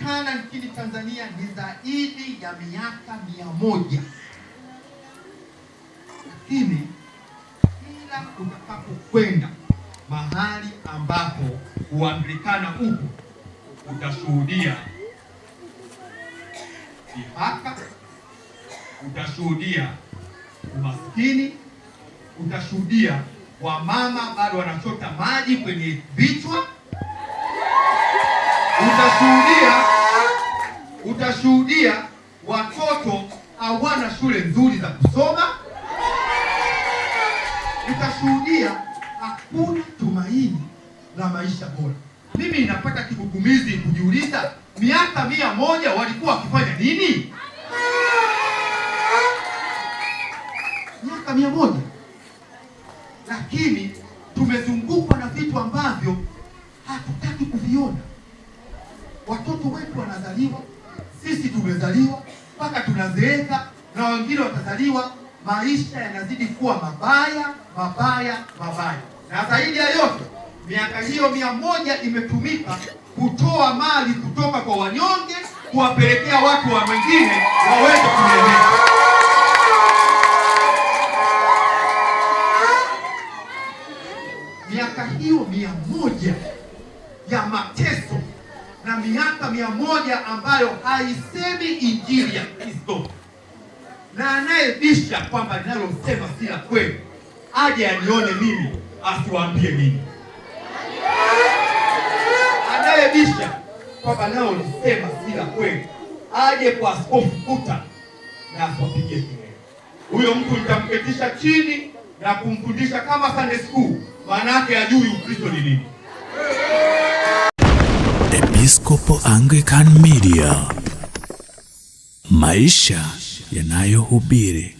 zinapatikana nchini Tanzania ni zaidi ya miaka mia moja, lakini kila utakapokwenda mahali ambapo uanglikana huko utashuhudia dhihaka, utashuhudia umaskini, utashuhudia wamama bado wanachota maji kwenye vichwa utashuhudia tunashuhudia watoto hawana shule nzuri za kusoma, nitashuhudia hakuna tumaini la maisha bora. Mimi ninapata kigugumizi kujiuliza, miaka mia moja walikuwa wakifanya nini? Miaka mia moja, lakini tumezungukwa na vitu ambavyo hatutaki kuviona. Watoto wetu wanazaliwa tumezaliwa mpaka tunazeeka na wengine watazaliwa, maisha yanazidi kuwa mabaya mabaya mabaya. Na zaidi ya yote, miaka hiyo mia moja imetumika kutoa mali kutoka kwa wanyonge kuwapelekea watu wa wengine waweze kuenea. miaka mia moja ambayo haisemi injili ya Kristo, na anayebisha kwamba ninalosema si la kweli aje anione mimi, asiwaambie mimi. Anayebisha kwamba ninalosema si la kweli aje kwa askofu Kuta na asiwapige kelele. Huyo mtu nitamketisha chini na kumfundisha kama Sunday school, maana yake ajui Ukristo ni nini. Episcopal Anglican Media, maisha yanayohubiri.